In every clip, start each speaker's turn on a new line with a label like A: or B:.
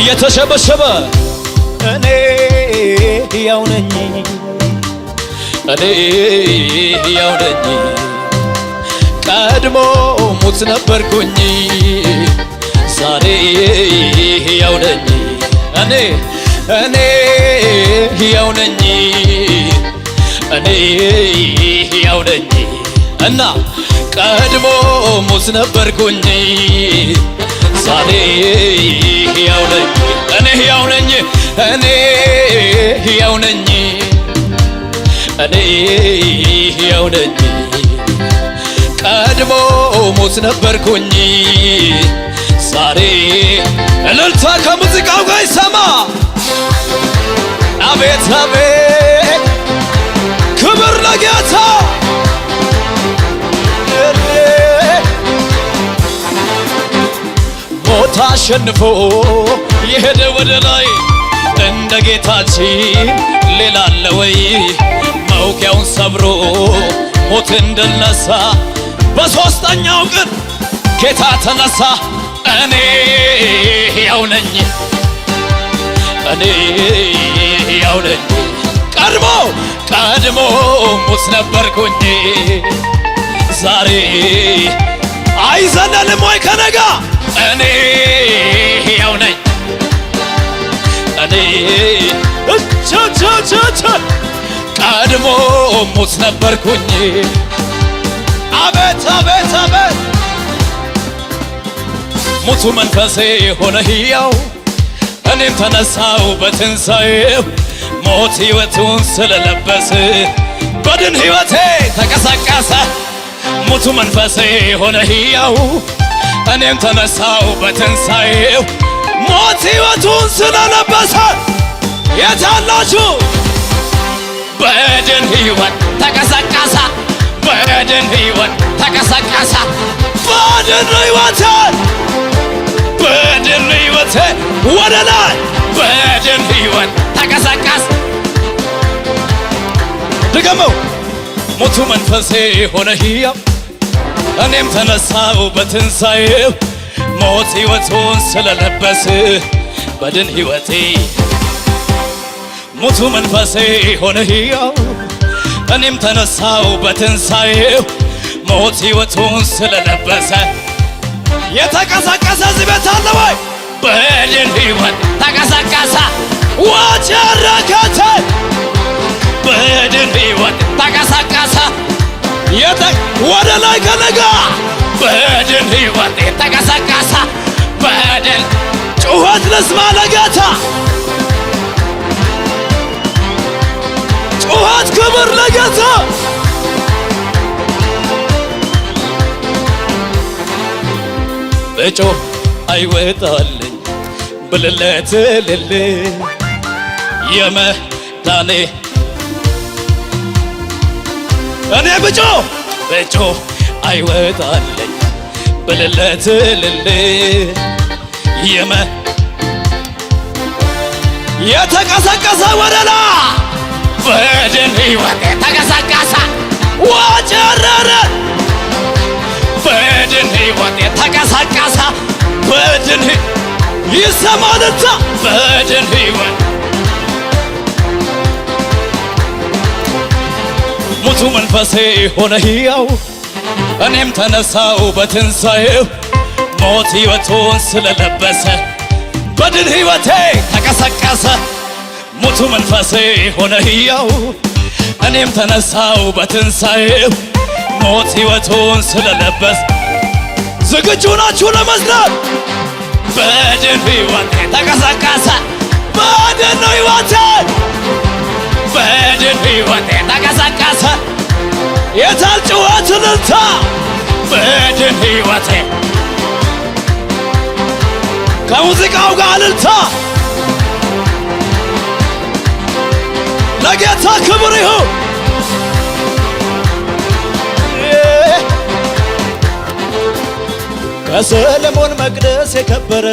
A: እየተሸበሸበ እኔ ያው ነኝ እኔ ያው ነኝ ቀድሞ ሙት ነበርኩኝ ዛሬ ያው ነኝ እኔ እኔ ያው ነኝ እኔ ያው ነኝ እና ቀድሞ ሙት ነበርኩኝ ውሳኔ ሕያው ነኝ እኔ ሕያው ነኝ እኔ ሕያው ነኝ እኔ ሕያው ነኝ ቀድሞ ሞት ነበርኩኝ ዛሬ እልልታ ከሙዚቃው ጋር ይሰማ አቤት አቤት ክብር ለጌታ ሞት አሸንፎ የሄደ ወደ ላይ እንደ ጌታችን ሌላ አለ ወይ? መውጊያውን ሰብሮ ሞትን ድል ነሣ። በሦስተኛው ቀን ጌታ ተነሳ። እኔ ሕያው ነኝ፣ እኔ ሕያው ነኝ። ቀድሞ ቀድሞ ሙት ነበርኩኝ፣ ዛሬ አይዘለልም ወይ ከነጋ እኔ ያው ነኝ እኔ እቻቻቻቻ ቀድሞ ሙት ነበርኩኝ። አቤት አቤት አቤት ሙቱ መንፈሴ ሆነ ሕያው እኔም ተነሳው በትንሣኤው ሞት ሕይወቱን ስለለበስ በድን ሕይወቴ ተቀሳቀሰ ሙቱ መንፈሴ ሆነ ሕያው እኔም ተነሳው በትንሣኤው ሞት ሕይወቱን ስለለበሰ የታላችሁ በድን ሕይወት ተቀሰቀሰ በድን ሕይወት ተቀሰቀሰ በድን ሕይወት በድን ሕይወት ወደ ላይ በድን ሕይወት ተቀሰቀሰ ድገመው ሞቱ መንፈሴ ሆነ ሕያው እኔም ተነሳው በትንሣኤው ሞት ሕይወቱን ስለለበስ በድን ሕይወቴ ሙቱ መንፈሴ ሆነ ሕያው እኔም ተነሳው በትንሣኤው ሞት ሕይወቱን ስለለበሰ የተቀሳቀሰ ዝቤት አለ ወይ በድን ሕይወት ተቀሳቀሰ ወቸረከተ ወደ ላይ ከነጋ በድል ህይወቴ ተቀሰቀሰ። በድል ጩኸት ልስማ ለጌታ ጩኸት ክብር ለጌታ በጮህ አይወጣልኝ ብልለት ልል የመዳኔ እኔ ብጮ ብጮ አይወጣለኝ ብልለት ልል የመ የተቀሰቀሰ ወደላ በድን ህይወቴ ተቀሰቀሰ ወጨረረ በድን ህይወቴ ተቀሰቀሰ በድን ይሰማልታ በድን ህይወቴ ሙቱ መንፈሴ ሆነ ሕያው እኔም ተነሳው በትንሣኤው ሞት ሕይወቱን ስለለበሰ በድል ሕይወቴ ተቀሰቀሰ። ሙቱ መንፈሴ ሆነ ሕያው እኔም ተነሳው በትንሣኤው ሞት ሕይወቱን ስለለበሰ ዝግጁ ናችሁ ለመዝናት? በድል ሕይወቴ ተቀሰቀሰ። በድል ነው ሕይወቴ ተንቀሳቀሰ። የታል ጩኸት በድን ሕይወቴ ከሙዚቃው ጋር ልልታ ለጌታ ክብር ይሁን። ከሰለሞን መቅደስ የከበረ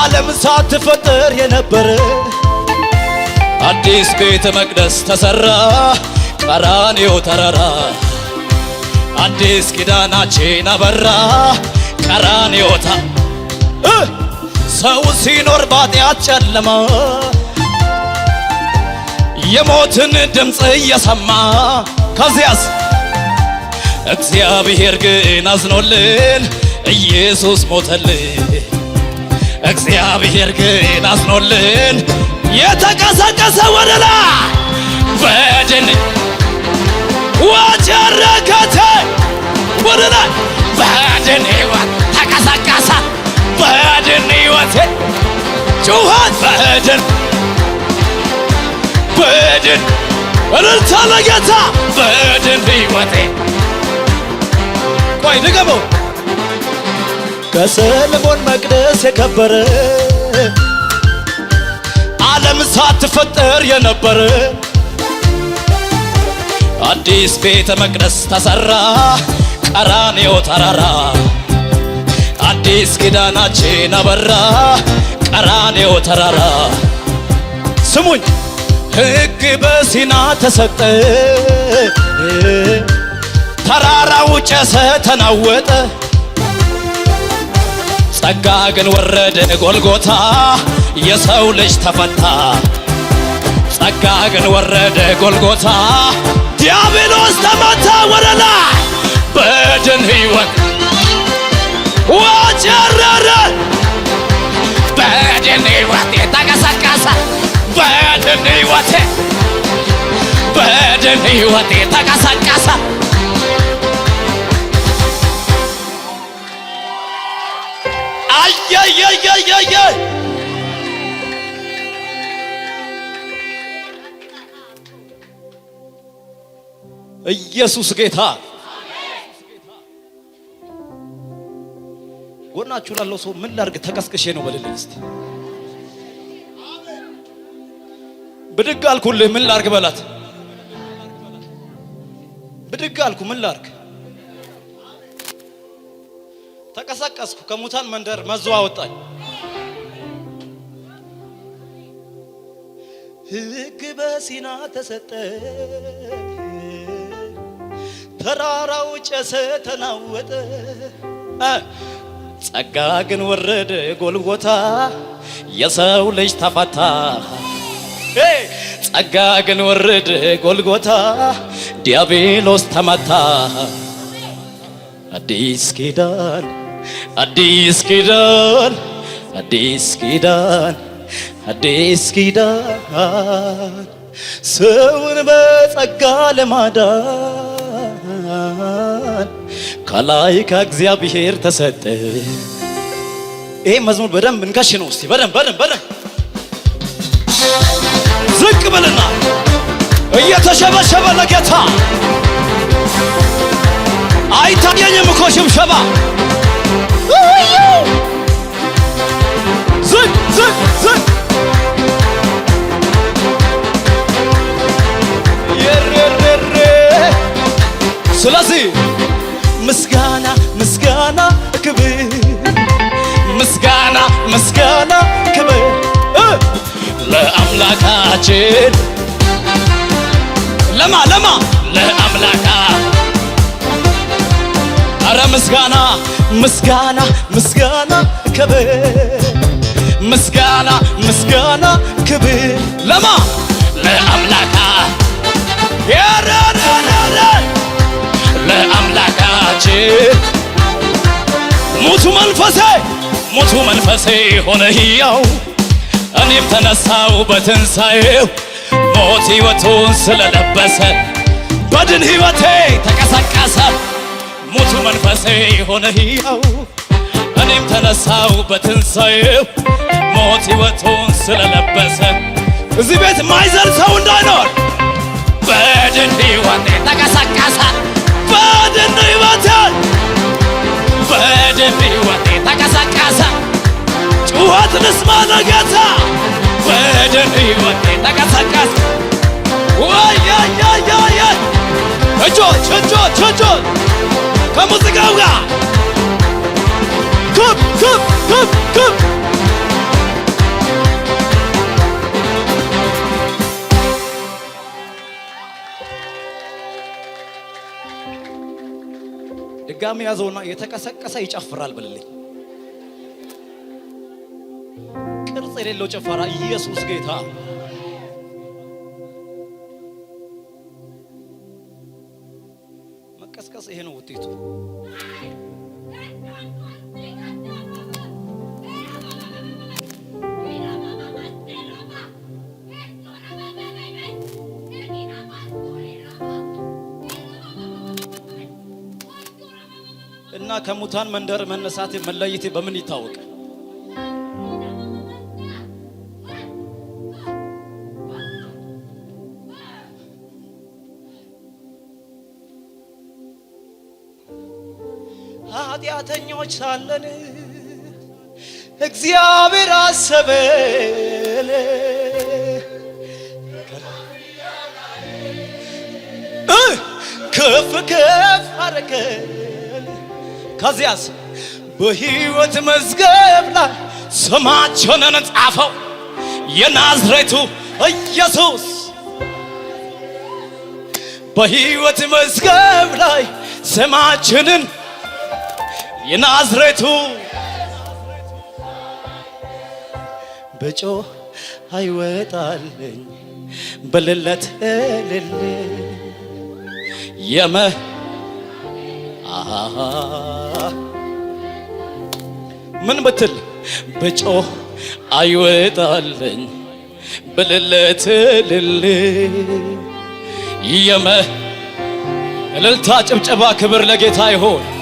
A: ዓለም ሳትፈጠር የነበረ አዲስ ቤተ መቅደስ ተሰራ ቀራንዮ ተራራ አዲስ ኪዳናችን አበራ ቀራንዮ ሰው ሲኖር ባጢአት ጨለማ የሞትን ድምፅ እየሰማ ከዚያስ እግዚአብሔር ግን አዝኖልን ኢየሱስ ሞተልን። እግዚአብሔር ግን አዝኖልን የተቀሰቀሰ ወደ ላይ በድን ወጀረከተ ወደ ላይ በድን ህይወት ተቀሰቀሰ በድን ህይወቴ ጩኸት በድን በድን እልልታ ለጌታ በድን ህይወቴ ቆይ ንገበው ከሰለሞን መቅደስ የከበረ ትፈጠር የነበረ አዲስ ቤተ መቅደስ ተሰራ ቀራንዮ ተራራ አዲስ ኪዳናችን አበራ ቀራንዮ ተራራ ስሙኝ ሕግ በሲና ተሰጠ ተራራው ጨሰ ተናወጠ ጸጋ ግን ወረደ ጎልጎታ የሰው ልጅ ተፈታ ጸጋ ግን ወረደ ጎልጎታ ዲያብሎስ ተመታ ወረላ በድን ሕይወት ወጀረረ በድን ሕይወት ተቀሰቀሰ በድን ሕይወት በድን ሕይወት ተቀሰቀሰ አየየየየየ ኢየሱስ ጌታ። ጎናችሁ ላለው ሰው ምን ላድርግ ተቀስቅሼ ነው በልልኝ እስቲ። ብድግ አልኩልህ ምን ላድርግ በላት። ብድግ አልኩ ምን ላድርግ ተቀሰቀስኩ። ከሙታን መንደር መዞ አወጣኝ። ሕግ በሲና ተሰጠ። ተራራው ጨሰ ተናወጠ፣ ጸጋ ግን ወረደ ጎልጎታ። የሰው ልጅ ተፈታ፣ ጸጋ ግን ወረደ ጎልጎታ። ዲያብሎስ ተመታ። አዲስ ኪዳን አዲስ ኪዳን አዲስ ኪዳን አዲስ ኪዳን ሰውን በጸጋ ለማዳን ከላይ ከእግዚአብሔር ተሰጠ። ይህ መዝሙር በደንብ እንከሽ ነው። እስቲ በደንብ በደንብ በደንብ ዝቅ ብልና እየተሸበሸበ ለጌታ አይታየኝም እኮ ሽብሸባ ስለዚህ ምስጋና ምስጋና ክብር ምስጋና ምስጋና ክብር ለአምላካችን ለማ ለማ ለአምላካ አረ ምስጋና ምስጋና ምስጋና ክብር ምስጋና ምስጋና ክብር ለማ በልባችን ሙቱ መንፈሴ ሙቱ መንፈሴ ሆነ ሕያው እኔም ተነሳው በትንሣኤው ሞት ሕይወቱን ስለለበሰ በድን ሕይወቴ ተቀሰቀሰ። ሙቱ መንፈሴ ሆነ ሕያው እኔም ተነሳው በትንሣኤው ሞት ሕይወቱን ስለለበሰ እዚህ ቤት ማይዘል ሰው እንዳይኖር በድን ሕይወቴ ተቀሰቀሰ። በድኑ ይመታል። በደም ሕይወቴ ተቀሰቀሰ። ጩኸት ልስማ ለጌታ በድኑ ሕይወቴ ተቀሰቀሰ። ወያያያያ እጆች እጆች እጆች ከሙዚቃው ጋር ክብ ክብ ክብ ክብ ድጋሚ ያዘውና የተቀሰቀሰ ይጨፍራል በልልኝ። ቅርጽ የሌለው ጭፈራ። ኢየሱስ ጌታ መቀስቀስ፣ ይሄ ነው ውጤቱ። ከሙታን መንደር መነሳቴ መለየቴ በምን ይታወቅ? ኃጢአተኞች ሳለን እግዚአብሔር አሰበን። ከፍ ከፍ አረገ ከዚያስ በሕይወት መዝገብ ላይ ስማቸውን ጻፈው የናዝሬቱ ኢየሱስ በሕይወት መዝገብ ላይ ስማችንን የናዝሬቱ በጮህ አይወጣልኝ በልለት እልል የመ ምን ብትል ብጮህ አይወጣልኝ ብልለት ልል እልልታ፣ ጭብጨባ፣ ክብር ለጌታ ይሆን።